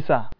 kisah